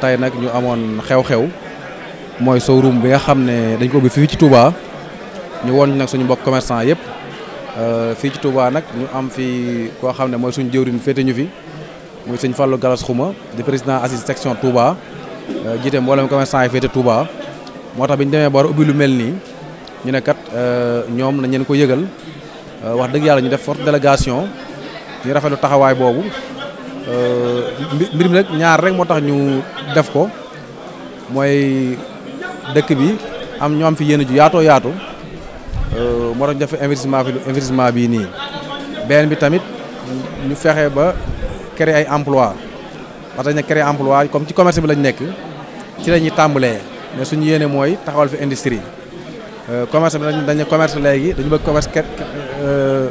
tey nag ñu amoon xew-xew mooy showroom bi nga xam ne dañ ko ubbi fii ci Touba ñu woon nag suñu mbokk commercant yëpp euh, fii ci Touba nag ñu am fii koo xam ne mooy suñu jëwriñ féete ñu fi muy sëñ Fallou Galas Xuma di président assise section Touba euh, jiite mboolem commerçant yi féete Touba moo tax bi ñu demee ba war a ubbi lu mel nii ñu ne kat euh, ñoom nañ leen ko yëgal wax dëgg yàlla ñu def forte délégation ñu rafetlu taxawaay boobu Eh, mbir mi nag ñaar rek motax ñu def ko moy dekk bi am ñu am fi yéen ju yaato yaato euh motax def investissement fi investissement bi ni benn bi tamit ñu fexé ba créer ay emploi parce que ñu créer emploi comme ci commerce bi lañ nekk ci lañu tambulé mais suñu yéene moy taxawal fi industrie euh commerce bi dañ dañu commerce légui dañu bëgg commerce euh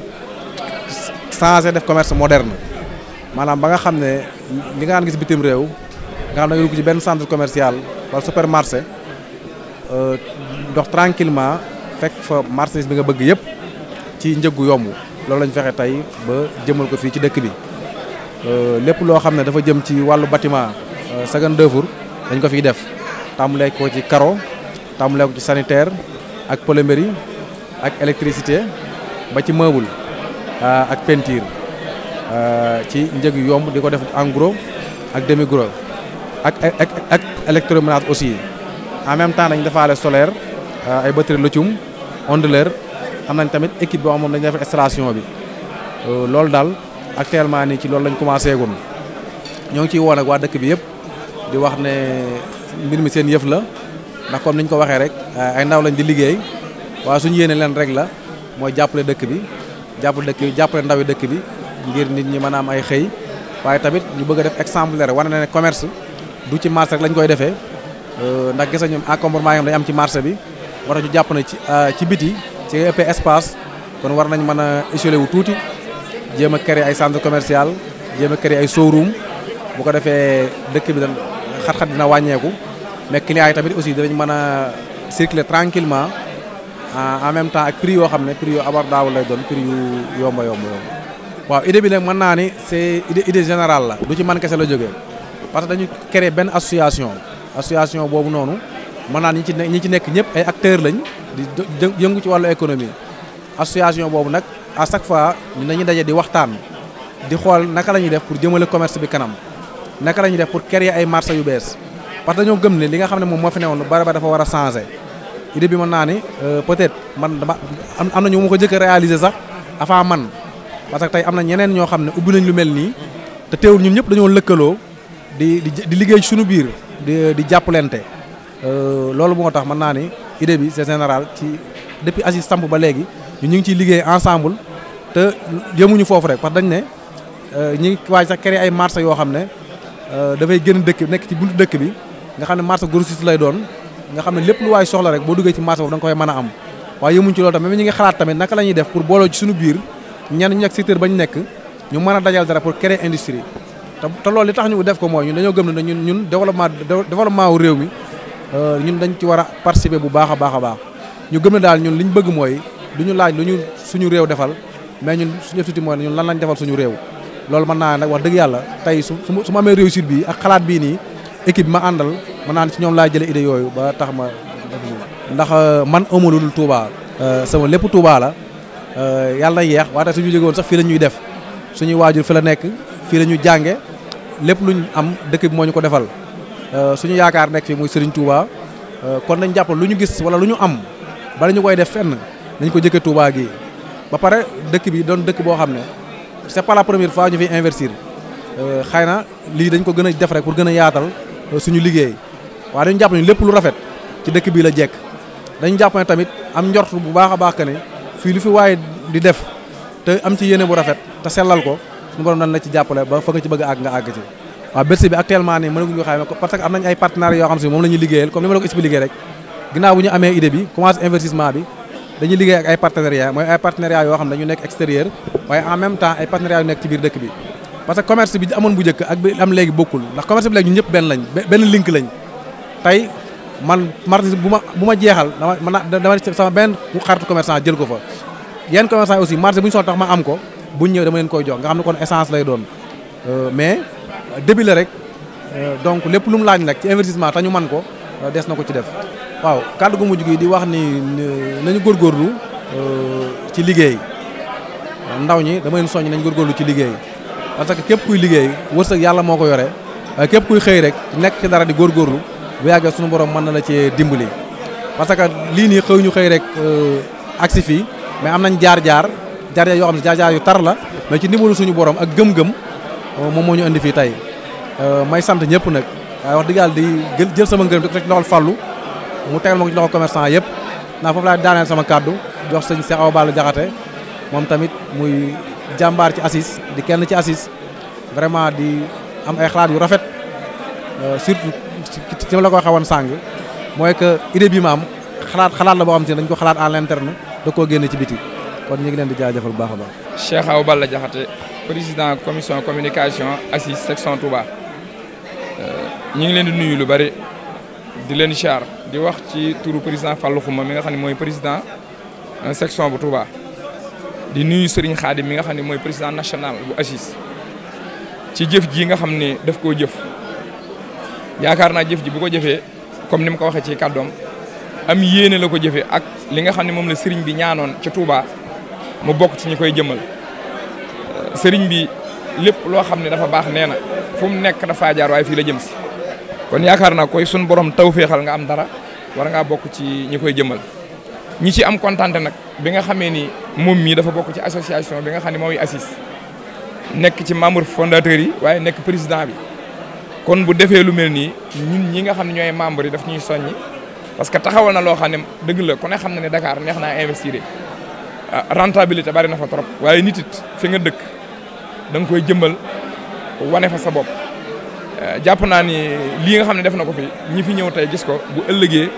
changer def commerce moderne manam ba nga xamné ne li nga daan gis bitim rew nga xam ne ci ben centre commercial wala supermarché euh, dox tranquillement fek fa marchandise bi nga bëgg yépp ci njëggu yomb loolu lañ fexé tay ba jëmul ko fi ci dëkk bi euh, lépp loo xam ne dafa jëm ci walu bâtiment euh, second œuvre dañ ko fi def tàmbalee ko ci carreau tàmbalee ko ci sanitaire ak polymerie ak électricité ba ci meuble ak peinture Euh, ci njëg yomb di ko def en ak demi gros ak ak ak électroménage aussi en même temps dañ defaale solaire euh, ay batterie lithium onduleur am nañ tamit équipe boo xam moom dañu def installation bi euh, loolu daal actuellement nii ci loolu lañ commencé gun ñoo ngi ciy woon ak waa dëkk bi yëpp di wax ne mbir mi seen yëf la ndax comme niñ ko waxee rek ay ndaw lañ di liggéey waaye suñ yéene leen rek la mooy jàppale dëkk bi jàppale dëkk bi jàppale ndaw yi dëkk bi ngir nit ñi mën a am ay xëy waaye tamit ñu bëgg a def exemplaire wane na ne commerce du ci marché rek lañ koy defee euh, ndax gis ñu encombrement yi am ci marché bi war ñu jàpp na ci euh, ci biti ci ëpp espace kon war nañ mën a isolé wu tuuti jéem a créer ay centre commerciale jéem a créer ay showroom bu ko defee dëkk bi da xat-xat dina wàññeeku mais clients yi tamit aussi dinañ mën a circuler tranquillement en même temps ak prix yoo xam ne prix yu abordable lay doon prix yu yomba yomba waaw idée bi nag mën naa ni c'est idée idée la du ci man kese la jógee parce que dañu créé benn association association boobu noonu mën naa ñi ci ñi ci nekk ñëpp ay acteurs lañ di yëngu ci wàllu économie association boobu nag à chaque fois ñu dañuy daje di waxtaan di xool naka la ñuy def pour jëmale commerce bi kanam naka la ñuy def pour créer ay marché yu bees parce que dañoo gëm ne li nga xam ne moom moo fi newoon lu ba dafa war a changer idée bi mën naa ni euh, peut-être man dama am nañu ma ko jëkk a réaliser sax avant man parce que tey am na ñeneen ñoo xam ne ubbi nañ lu mel nii te teewul ñun ñëpp dañoo lëkkaloo di di liggéey ci suñu biir di di jàppalante euh, loolu moo tax mën naa ni idée bi c'est général ci depuis Aziz samp ba léegi ñu ngi ciy liggéey ensemble te yemuñu foofu rek parce que dañ ne euh, ñu ngi waaj sax créer ay marché yoo xam ne euh, dafay génn dëkk nekk ci buntu dëkk bi nga xam ne marché grossiste lay doon nga xam ne lépp lu waay soxla rek boo duggee ci marché boobu da nga a am waaye yemuñ ci loolu tamit naka la ñuy def pour booloo ci suñu biir ñenn ñi ak secteur ba ñu nekk ñu mën a dajal dara pour créer industrie te te loolu li tax ñu def ko mooy ñun dañoo gëm ne ñun ñun développement développement wu réew mi euh, ñun dañ ci war a participer bu baax a baax a baax ñu gëm ne daal ñun li ñu bëgg mooy du ñu laaj lu ñu suñu réew defal mais ñun suñu tuuti mooy ñu lan lañ defal suñu réew loolu mën naa nag wax dëgg yàlla tey su su ma amee réussite bi ak xalaat bii nii équipe ma àndal ma naa si ñoom laa jëlee idée yooyu ba tax ma ndax euh, man amul lu dul euh, sama lépp la Euh, yàlla na yeex waaye suñu jóge woon sax fii lañuy ñuy def suñuy waajur fi la nekk fii la ñuy jànge lépp ñu am dëkk bi moo ñu ko defal euh, suñu yaakaar nekk fii muy Serigne Touba euh, kon nañ jàpp lu ñu gis wala lu ñu am bala ñu koy def fenn nañ ko jëkke tuubaa gi ba pare dëkk bi doon dëkk boo xam ne c'est pas la première fois ñu fi investir xëy na lii dañ ko gën a def rek pour gën a yaatal suñu liggéey waaye dañu jàpp ne lépp lu rafet ci dëkk bii la jekk dañ jàpp tamit am njort bu baax a baax fii lu fi waaye di def te am ci yéene bu rafet te sellal ko suñu borom nan la ci jàppale ba fa nga ci bëgg a àgg nga àgg ci waaw Bercy bi actuellement nii mënaguñu ko xayma parce que am nañ ay partenaires yoo xam si moom la ñuy liggéeyal comme ni ma la ko expliqué rek ginnaaw bu ñu amee idée bi commencé investissement bi dañuy liggéey ak ay partenariat mooy ay partenariat yoo xam dañu nekk extérieur waaye en même temps ay partenariat yu nekk ci biir dëkk bi parce que commerce bi amoon bu njëkk ñëpp benn lañ benn link man marchandise bu ma bu ma jeexal dama man dama sama benn xaritu commerçant jël ko fa yenn commerçant aussi marché bu ñu soxla tax ma am ko bu ñu ñëw dama leen koy jox nga xam ne kon essence lay doon euh, mais euh, début rek euh, donc lépp lu mu laaj nag ci investissement tañu man ko des na ko ci def waaw kàddu gu mujj gi di wax ni nañu góorgóorlu ci liggéey ndaw ñi dama leen soññ nañu góorgóorlu ci liggéey parce que képp kuy liggéey wërsëg yàlla moo ko yore képp kuy xëy rek nekk ci dara di góorgóorlu bu suñu borom man na la ci dimbali parce que li ni xewñu xey rek euh aksi fi mais am jaar-jaar jaar-jaar yoo xam jaar-jaar yu tar la mais ci dimbalu suñu borom ak gëm-gëm euh, moom moñu andi fi tay euh may sante ñepp nak waaye wax digal di jël sama ngërëm rek ko fallu mu tegal mo ci loxo commerçant yépp na fofu la daanel sama cadeau jox señ Cheikh awbal Balla Jaxate moom tamit muy jambar ci assis di kenn ci assis vraiment di am ay xalaat yu rafet euh, surtout ci la ko waxee woon sàng mooy que idée bi ma am xalaat xalaat la boo xam si dañ ko xalaat à l'interne da koo génnee ci biti kon ñu ngi leen di jaajëfal bu baax a baax. Cheikh Awa Balla Diakhaté président commission communication ACIS section Touba euh, ñu ngi leen di nuyu lu bari di leen char di wax ci turu président Fallou Khouma mi nga xam ne mooy président euh, section bu Touba di nuyu sëriñ Khadim mi nga xam ne mooy président national bu assis ci jëf ji nga xam ne daf koo jëf. yaakaar naa jëf ji bu ko jëfee comme ni mu ko waxee ci kàddoom am yéene la ko jëfee ak li nga xam ne moom la sëriñ bi ñaanoon ci Touba mu bokk ci ñi koy jëmmal euh, sëriñ bi lépp loo xam ne dafa baax nee na fu mu nekk dafa jaar waaye fii la jëm si kon yaakaar naa koy sun borom feexal nga am dara war ngaa bokk ci ñi koy jëmmal ñi ci am kontaan nag bi nga xamee ni moom mii dafa bokk ci association bi nga xam ne mooy assis nekk ci membre fondateur yi waaye nekk président bi kon bu defee lu mel nii ñun ñi nga xam ne ñooy membres yi daf ñuy soññi parce que taxawal na loo xam ne dëgg la ku ne xam na ne Dakar neex naa investir ah, rentabilité bari na fa trop waaye nit it fi nga dëkk da nga koy jëmbal wane fa sa bopp eh, jàpp naa ni lii nga xam ne def na ko fi ñi fi ñëw tey gis ko bu ëllëgee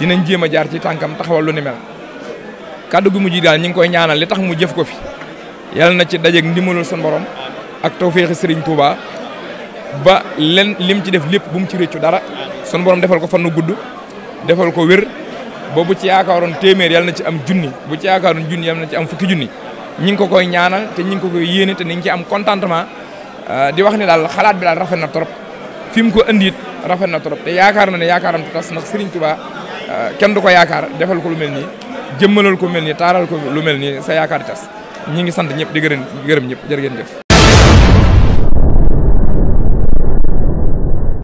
dinañ jéem a jaar ci tànkam taxawal lu ni mel kàddu gu mujj daal ñi ngi koy ñaanal li tax mu jëf ko fi yàlla na ci dajeeg ndimbalul sun borom ak tawféexi Serigne Touba. ba len lim ci def lépp bu mu ci réccu dara sunu borom defal ko fannu gudd defal ko wér ba bu ci yaakaaroon téeméer yàlla na ci am junni bu ci yaakaaroon junni yàlla na ci am fukki junni ñi ngi ko koy ñaanal te ñi ngi ko koy yéene te nañ ci am contentement ah, di wax ne daal xalaat bi daal rafet na trop fi mu ko indi it rafet na trop te yaakaar na ne yaakaar yaakaaram te tas ndax Serigne Touba ah, kenn du ko yaakaar defal ko lu mel nii jëmmalal ko mel nii taaral ko lu mel nii sa yaakaar tas ngi sant ñëpp di gërëm gërëm ñëpp jërë ngeen jëf